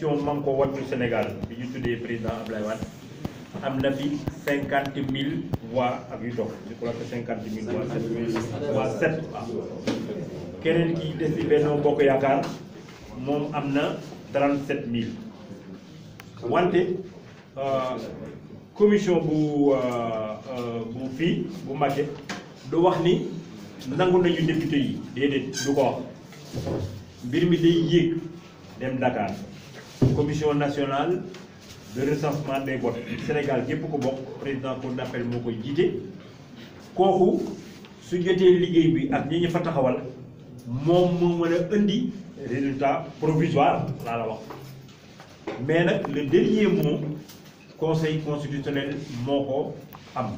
constitution man ko président am na cinquante mille voix cinquante mille voix sept keneen kii des ci Bokk Yaakaar moom am na trente sept mille wante euh, commission bu euh, euh, bu fii bu Mbacké du wax ni nangu nañu député yi déedéet du ko mbir mi day yéeg dem Dakar commission nationale de recensement des votes Sénégal yépp ko bokk président cour d'appel moo koy jiite kooku su jotee liggéey bi ak ñi ñu fa taxawal moom moo mën a indi résultat provisoire laa la wax mais nag le dernier mot conseil constitutionnel moo ko am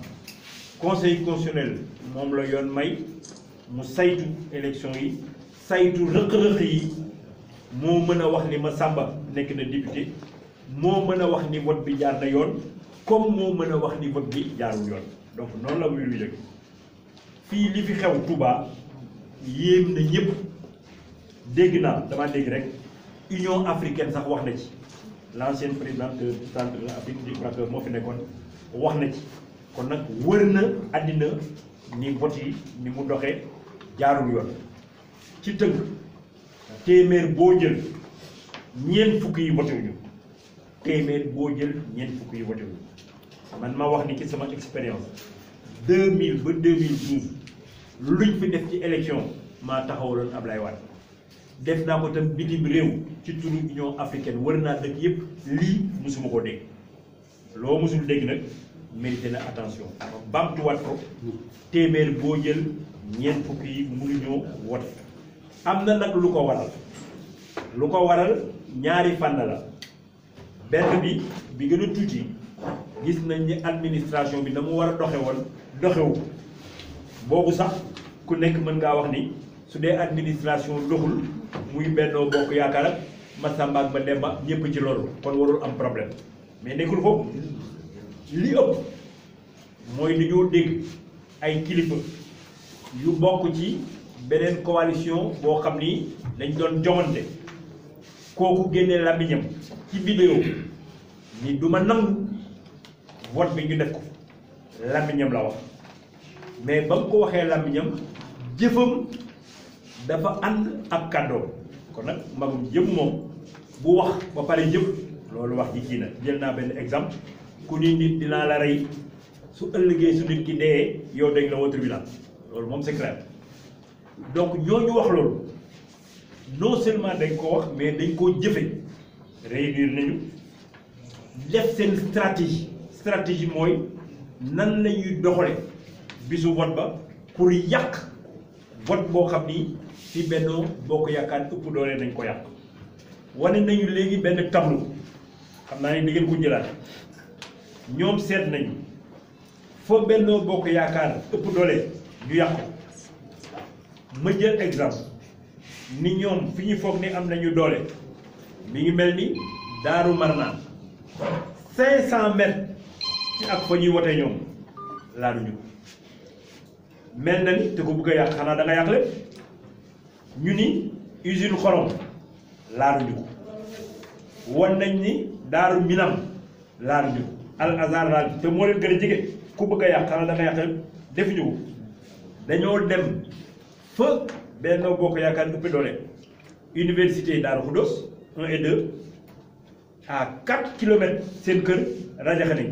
conseil constitutionnel moom la yoon may mu saytu élection yi saytu rëq-rëq yi moo mën a wax ni ma sàmba nekk na député moo mën a wax ni vote bi jaar na yoon comme moo mën a wax ni vote bi jaarul yoon donc noonu la muy wéy fii li fi xew Touba yéem na ñëpp dégg naa dama dégg rek Union africaine sax wax na ci l' ancienne présidente du centre Afrique moo fi nekkoon wax na ci kon nag wër na àddina ni vote yi ni mu ndoxe jaarul yoon ci tënk téeméer boo jël. ñeent fukk yi voté wuñu téeméer boo jël ñeent fukk yi voté man ma wax ni ci sama expérience 2000 ba 2012 luñ fi def ci élection maa taxawaloon Ablaye Wade def naa ko tam bitim réew ci turu Union africaine wër naa dëkk yëpp lii mosuma koo dégg loo mosul dégg nag mérité na attention bamtuwaat ko téeméer boo jël ñeent fukk yi mënuñoo wote am na nag lu ko waral lu ko waral ñaari fànn la benn bi bi gën tuuti gis nañ ni administration bi na war a doxe woon doxewu boobu sax ku nekk mën ngaa wax ni su dee administration doxul muy Benno Bokk Yaakaar ak Massamba ak Mademba ñëpp ci loolu kon warul am problème mais nekkul foofu li ëpp mooy li ñoo ay kilifa yu bokk ci beneen coalition boo xam ni dañ doon joŋante. kooku génnee làmmiñam ci vidéo ni du ma nangu vote bi ñu def ko làmmiñam la wax mais ba nga ko waxee làmmiñam jëfam dafa ànd ak kàddoom kon nag magum jëm moom bu wax ba pare jëf loolu wax ji kii na jël naa benn exemple ku ni nit dinaa la rey su ëllëgee su nit ki dee yow dañ la woo tribunal loolu moom c'est clair donc ñooñu wax loolu non seulement dañ ko wax mais dañ koo jëfe réunir nañu def seen stratégie stratégie mooy nan lañuy doxale bisu vote ba pour yàq vote boo xam ni fi Benno Bokk Yaakaar ëpp doole dañ ko yàq wane nañu léegi benn tableau xam naa ni di ngeen ko jëlaat ñoom seet nañu foo Benno Bokk Yaakaar ëpp doole ñu yàq ma jël exemple ni ñoom fi ñu foog ni am nañu doole mi ngi mel ni Daaru Marnaan 500 mètres ci ak fa ñuy wotee ñoom laaluñu ko mel na ni te ko bëgg yàq xanaa da nga yàq lépp ñu ni usine xorom laaluñu ko wan nañ ni Daaru Minam laaluñu ko Al Azhar laal te moo leen gën a jege ku bëgg yàq xanaa da nga yàq lépp defuñu ko dañoo dem fa. Benno Bokk Yaakaar ëpp doole université Darou Khoudoss 1 et 2 à 4 seen kër rajaxe nañ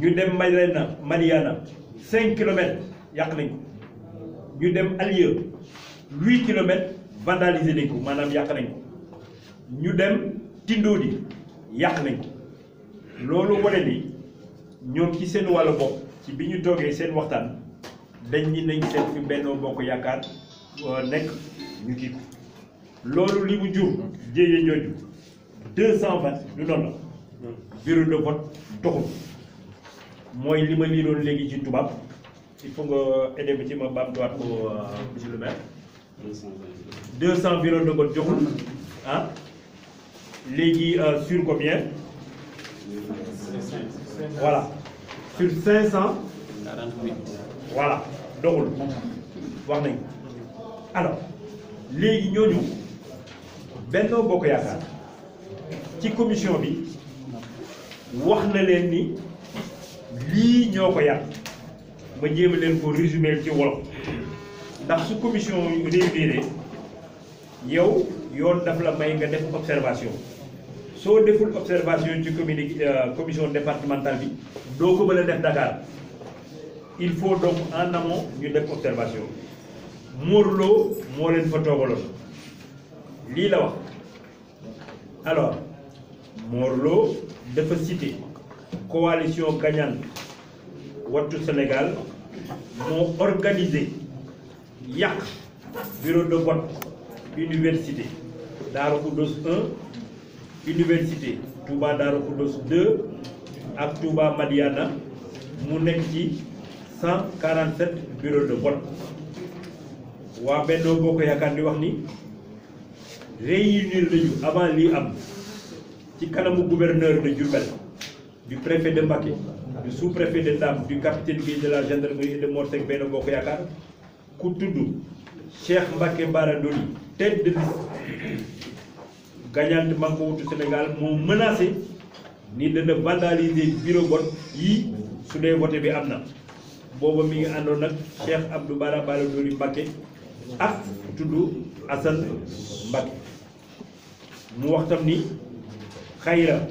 ñu dem Madiyana cinq 5 kilomètres yàq nañ ko ñu dem Alieu 8 kilomètres vandaliser nañ ko maanaam yàq nañ ko ñu dem Tindodi yàq nañ ko loolu wane ni ñoom ci seen wàllu bopp ci bi ñu toogee seen waxtaan. dañ ni nañ seet fi Benno Bokk Yaakaar euh, nekk ñu kii ko loolu li mu jur jéeye jooju deux cent vingt du noonu la bureau de vote doxul mooy li ma liiroon léegi ci tubaab il faut nga bi ci ma baamtuwaat ko euh, monsieur le maire deux cent bureau de vote joxul ah léegi euh, sur combien voilà sur cinq cent voilà doxul wax nañ alors léegi ñooñu Benno Bokk Yaakaar ci commission bi wax na leen ni lii ñoo ko yàq ma jéem leen ko résumer ci wolof ndax su commission réunir yow yoon daf la may nga def observation soo deful observation ci commune euh, commission départementale bi doo ko mën a def Dakar il faut donc en amont ñu def observation Mourlo moo leen fa toogaloon lii la wax alors Mourlo dafa cité coalition gagnante wattu Sénégal moo organisé yàq bureau de vote université Darou Khoudoss 1 université Touba Darou Khoudoss 2 ak Touba Madiana mu nekk ci. 147 bureaux de vote waa Benno Bokk Yaakaar di wax ni réunir nañu avant lii am ci kanamu gouverneur de Diourbel du préfet de Mbacké du sous-préfet de Ndam du capitaine Guèye de la gendarmerie et de Morsec Benno Bokk Yaakaar ku tudd Cheikh Mbacké Bara Dolly tête de liste gagnante Wutu Sénégal moo menacé ni dana vandaliser bureau vote yi su dee vote bi am na booba mi ngi àndoon ak Cheikh Abdou Bara Bara Dolly Mbacké ak tudd Assane Mbacké mu waxtam ni xayra